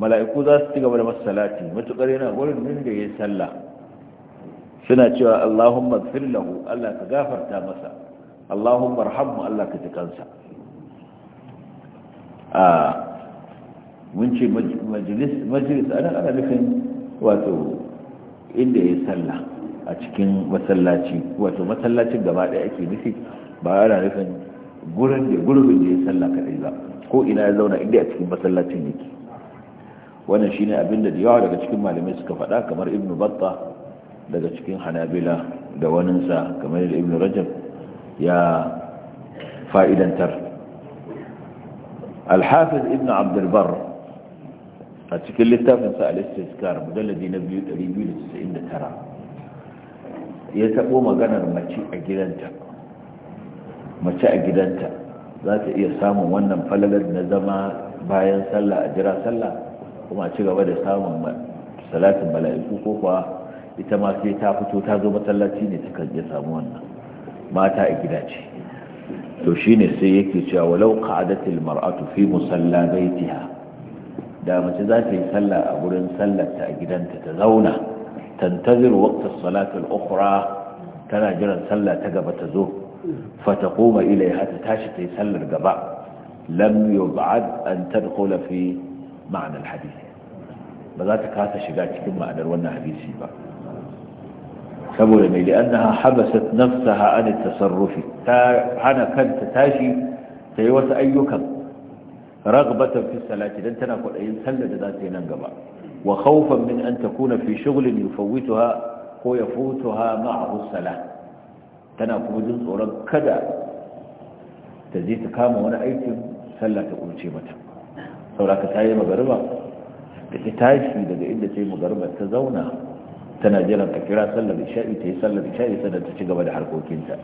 mala'iku za su ci gaba da masa salati matukar yana gurin nan da yayin sallah suna cewa Allahumma ighfir lahu Allah ka gafarta masa Allahumma arhamhu Allah ka ji mun ce majalis a nan ana nufin wato inda ya salla a cikin masallaci wato masallacin gaba ɗaya ake nufi ba ana nufin gurin da gurbin da ya salla kaɗai ba ko ina ya zauna inda a cikin masallacin yake wannan shine abin da yawa daga cikin malamai suka faɗa kamar ibnu batta daga cikin hanabila da waninsa kamar da ibnu rajab ya fa'idantar الحافظ ابن عبد البر a cikin littafin al-istizkar mujalladi na 2299 ya tabo maganar mace a gidanta mace a gidanta za ta iya samun wannan falalar na zama bayan sallah a jira sallah kuma a ci gaba da samun salatin mala'iku ko kuwa ita ma sai ta fito ta zo masallaci ne ta kan iya samu wannan mata a gida ce to shine sai yake cewa walau qa'adatil mar'atu fi musalla baitiha da mace za ta yi sallah a gurin sallarta a gidanta ta zauna tantazir waqtas salatul ukhra tana jiran sallah ta gaba ta zo fa taquma ilayha ta tashi ta yi sallar gaba lam yub'ad an tadkhula fi ma'na alhadith ba za ta kasa shiga cikin ma'anar wannan hadisi ba saboda mai li'annaha habasat nafsaha an at-tasarrufi ta hana kanta tashi ta yi wasu ayyukan ragbatan fi salati dan tana kwaɗayin sallar da za ta yi nan gaba wa khawfan min an takuna fi shughlin yufawwituha ko yafutuha ma'ahu salat tana kuma jin tsoron kada ta je ta kama wani aikin sallah ta kurce mata sauraka ta yi magarba da ta tashi daga inda ta yi magarba ta zauna tana jiran ta kira sallar isha'i ta yi sallar isha'i sannan ta ci gaba da harkokinta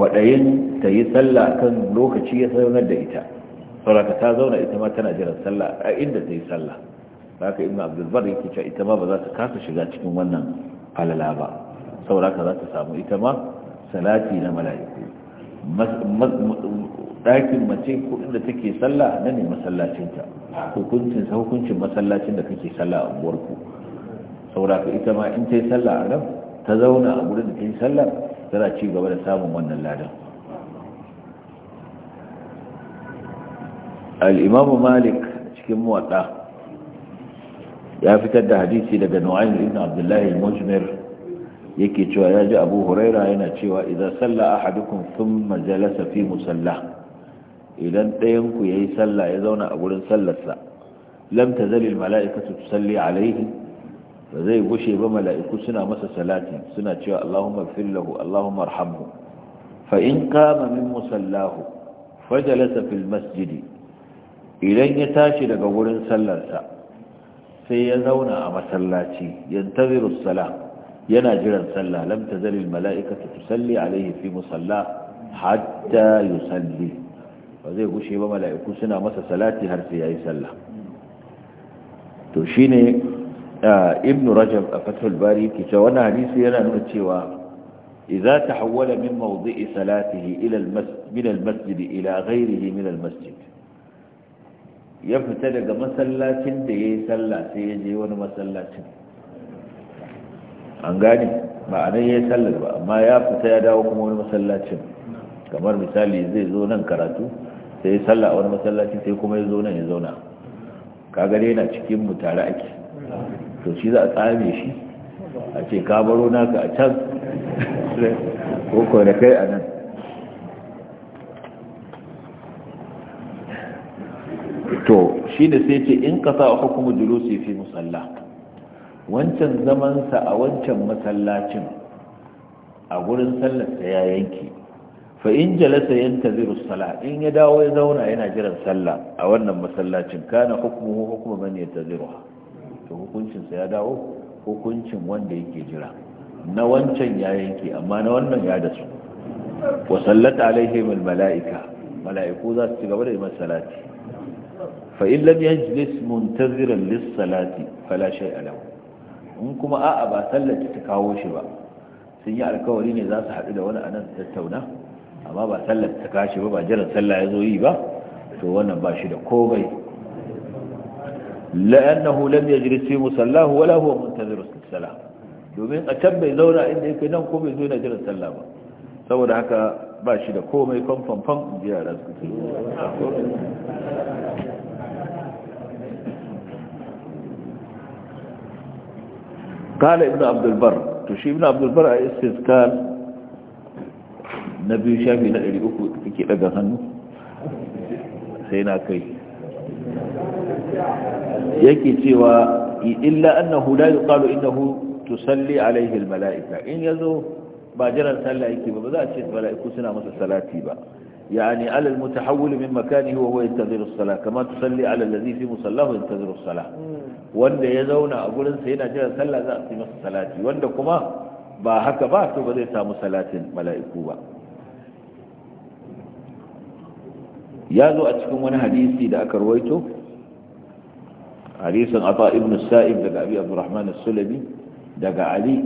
kwaɗayin ta yi sallah kan lokaci ya saunar da ita sauraka ta zauna ita ma tana jiran sallah a inda ta yi sallah haka abdul abdulbar yake cewa ita ma ba za ta kasa shiga cikin wannan falala ba sauraka za ta samu ita ma salati na mala'iku ɗakin mace ko inda take sallah na ne masallacinta hukuncin hukuncin masallacin da kake sallah a unguwarku sauraka ita ma in ta yi sallah a nan ta zauna a gurin da ta yi sallah tana ci gaba da samun wannan ladan al'imamu malik cikin muwaɗa ya fitar da hadisi daga nu'ayin ibn abdullahi mujmir yake cewa ya ji abu huraira yana cewa idan sallah ahadukum thumma jalasa fi musalla idan ɗayanku ya yi sallah ya zauna a gurin sallarsa lam ta zalil mala'ikatu tusalli alaihi ba zai gushe ba mala'iku suna masa salati suna cewa allahumma fillahu allahumma arhamhu fa in kama min musallahu fajalasa fil masjidi idan ya tashi daga wurin sallarsa sai ya zauna a masallaci yantaziru Sallah yana jiran sallah lam tazal al mala'ikatu tusalli alayhi fi musalla hatta yusalli ba zai gushe ba mala'iku suna masa salati har sai yayi sallah to shine ibn rajab a fathul bari ke wannan hadisi yana nuna cewa إذا تحول من موضع صلاته إلى المسجد من ila إلى غيره من masjid. ya fita daga masallacin da ya yi sallah sai ya je wani masallacin an gani ma'anin ya yi sallar ba amma ya fita ya dawo kuma wani masallacin kamar misali zai zo nan karatu sai ya sallah a wani masallacin sai kuma ya zo nan ya zauna kagare yana cikin mu tare ake to shi za a tsame shi a ce ka baro naka a can <laughs> ko kawai kai a nan to shi da sai ce in kasa a hukumu julusi fi musalla wancan zamansa a wancan masallacin a gurin sallarsa ya yanki fa in jalasa yantaziru sala in ya dawo ya zauna yana jiran sallah a wannan masallacin kana hukumu hukmu man yantaziruha to hukuncin sa ya dawo hukuncin wanda yake jira na wancan ya yanki amma na wannan ya da su, wa sallata alaihi mal mala'ika mala'iku za su ci gaba da yi salati Fa'in in lam yajlis muntaziran lissalati salati fala shay'a in kuma a'a ba sallar ta kawo shi ba sun yi alkawari ne za su haɗu da wani anan tattauna amma ba sallar ta kashi ba ba jiran sallah ya zo yi ba to wannan ba shi da komai la'annahu lam yajlis fi musallahu wala huwa muntazir as-salah domin a can bai zauna inda ya kai nan ko bai zo na jiran sallah ba saboda haka ba shi da komai fanfanfan jiyarar su ke kala ibn abdulbar to shi ibn abdulbar a istiskal na biyu shafi na 300 suke daga hannu sai na kai yake cewa illa annahu la yuqalu innahu tusalli alaihi mala'ika in yazo ba jiran sallah yake ba ba za a ce mala'iku suna masa salati ba يعني على المتحول من مكانه وهو ينتظر الصلاة كما تصلي على الذي في مصلاه ينتظر الصلاة wanda ya zauna a gurinsa yana jiran sallah za a fi masa salati wanda kuma ba haka ba to ba zai samu salatin mala'iku ba ya zo a cikin wani hadisi da aka ruwaito hadisin ata ibn sa'ib daga abi abdurrahman as-sulabi daga ali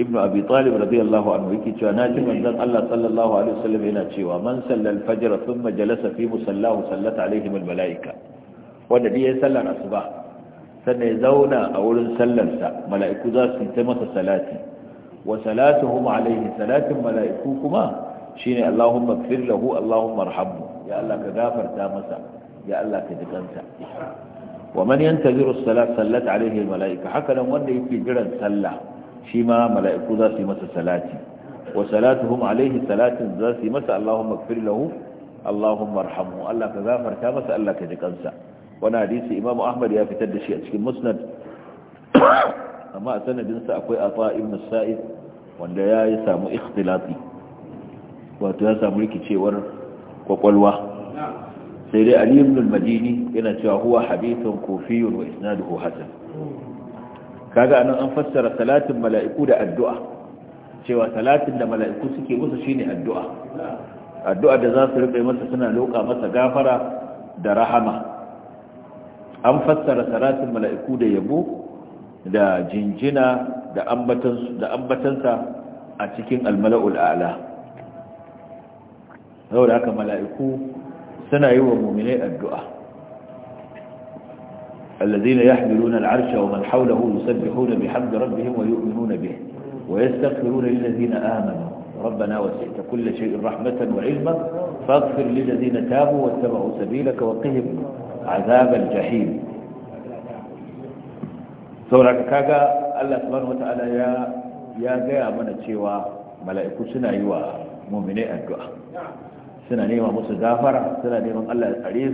ibnu abi talib radiyallahu anhu yake cewa na ji manzon Allah sallallahu alaihi wasallam yana cewa man sallal fajr thumma jalasa fi musallahu sallat alaihim al malaika wanda dai yayin sallar asuba sannan ya zauna a wurin sallarsa mala'iku za su yi masa salati wa salatuhum alaihi salatin mala'iku kuma shine Allahumma ighfir lahu Allahumma arhamhu ya Allah ka gafarta masa ya Allah ka jikansa wa man yantaziru as-salat sallat alaihi al malaika haka nan wanda jiran sallah shi ma mala'iku za su yi masa salati wa salatuhum alaihi salatin za su yi masa Allahumma ighfir Allahumma arhamhu Allah ka zafarta masa Allah ka ji kansa wani hadisi Imam Ahmad ya fitar da shi a cikin Musnad amma a sanadinsa sa akwai Ata ibn Sa'id wanda ya yi samu ikhtilati wato ya samu rikicewar kwakwalwa sai dai Ali ibn al-Madini yana cewa huwa hadithun kufiyun wa isnaduhu hasan kaga anan an fassara salatin mala'iku da addu'a cewa salatin da mala'iku suke musu shine addu'a addu'a da za su rike masa suna loka masa gafara da rahama an fassara salatin mala'iku da yabo da jinjina da ambatansa a cikin almala'ul a'la da haka mala'iku suna yi wa mu'minai addu'a الذين يحملون العرش ومن حوله يسبحون بحمد ربهم ويؤمنون به ويستغفرون للذين آمنوا ربنا وسعت كل شيء رحمة وعلما فاغفر للذين تابوا واتبعوا سبيلك وقهم عذاب الجحيم سورة كاكا الله سبحانه وتعالى يا يا يا من تشيوا ملائكة سنة يوا أيوة، مؤمنين الدعاء سنة موسى مسدافرة سنة نيوا الله يسعيه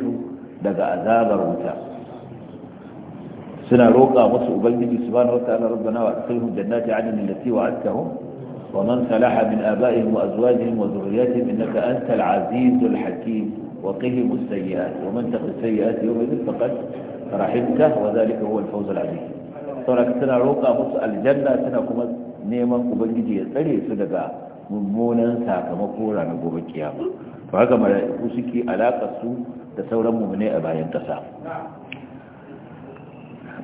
دقى عذاب الرجال suna roƙa musu ubangiji subhanahu wataala rabbana wa adkhilhum jannati adnin allati wa'adtahum wa man salaha min aba'ihim wa azwajihim wa dhurriyyatihim innaka antal azizul hakim wa qihim as-sayyi'at wa man taqi as-sayyi'at yawma faqad rahimtah wa dhalika huwa al-fawz al ka saboda suna roƙa musu aljanna suna kuma neman ubangiji ya tsare su daga mummunan sakamako ranar gobe kiyama to haka mala'iku suke alaƙa su da sauran mummune a bayan ƙasa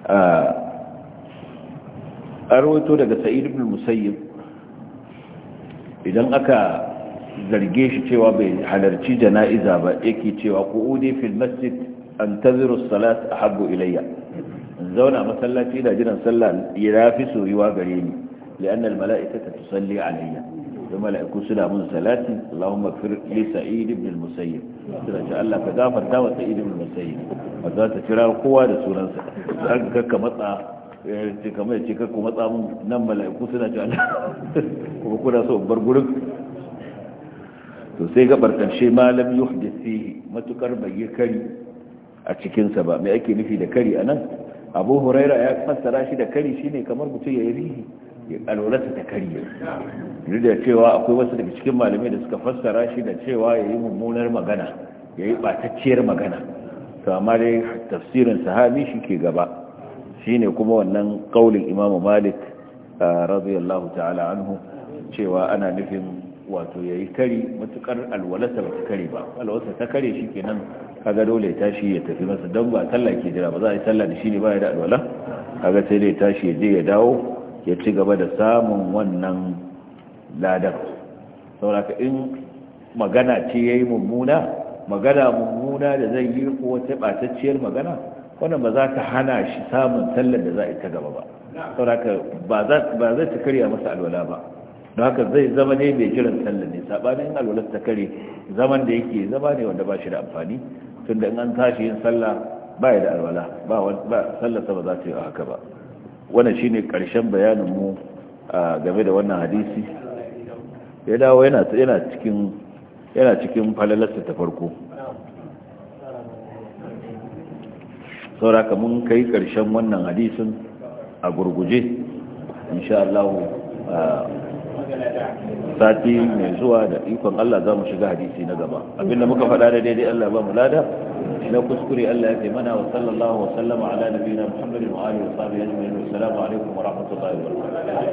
a rawaito daga sa'id ibn musayyib idan aka zarge shi cewa bai halarci jana'iza ba yake cewa qu'udi fil masjid antaziru salat ahabbu ilayya zauna masallaci da jiran sallah ya fi soyuwa gare ni li'anna al mala'ikata tusalli alayya sai mala'iku suna mun salati Allahumma fir li sa'id ibn al-musayyib ce Allah ka gafarta wa sa'id ibn al-musayyib ba za ta kira kowa da sunansa za ka kakka matsa eh, ce kamar ce kakku matsa mun nan mala'iku suna ce Allah kuma kuna so bar gurin to sai gabar karshe malam yuhdith fihi matukar bai kari a cikin sa ba me ake nufi da kari anan Abu Huraira ya fassara shi da kari shine kamar mutum ya yi rihi ya ta karye duk da cewa akwai wasu daga cikin malamai da suka fassara shi da cewa ya yi mummunar magana ya yi ɓatacciyar magana to amma dai tafsirin sahabi shi ke gaba shi kuma wannan kaulin imamu malik radiyallahu ta'ala anhu cewa ana nufin wato ya yi kari matuƙar alwalarsa ba ta kare ba alwalarsa ta kare shi kenan kaga dole ya tashi ya tafi masa don ba sallah ke jira ba za a yi sallah da shi ne ba ya da alwala kaga sai dai ya tashi ya je ya dawo ya ci gaba da samun wannan ladar sauraka in magana ce ya yi mummuna magana mummuna da zai yi ko wata ɓatacciyar magana wannan ba za ta hana shi samun tallar da za a yi ta gaba ba sauraka ba zai ta karya masa alwala ba da haka zai zama ne mai jiran tallar ne saɓanin alwalar ta kare zaman da yake zama ne wanda ba shi da amfani tun da in an tashi yin sallah ba ya da alwala ba sallarsa ba za ta yi haka ba wannan shine karshen bayanin mu game da wannan hadisi ya dawo yana cikin yana falalarsa ta farko saura kamun kai karshen wannan hadisin a gurguje insha Allah sati mai zuwa da ikon Allah za mu shiga hadisi na gaba abinda muka faɗa da daidai Allah ba mu lada na kuskure Allah ya taimana wa sallallahu wa sallama ala nabiyina Muhammadin wa alihi wa sahbihi ajma'in assalamu alaikum wa rahmatullahi wa barakatuh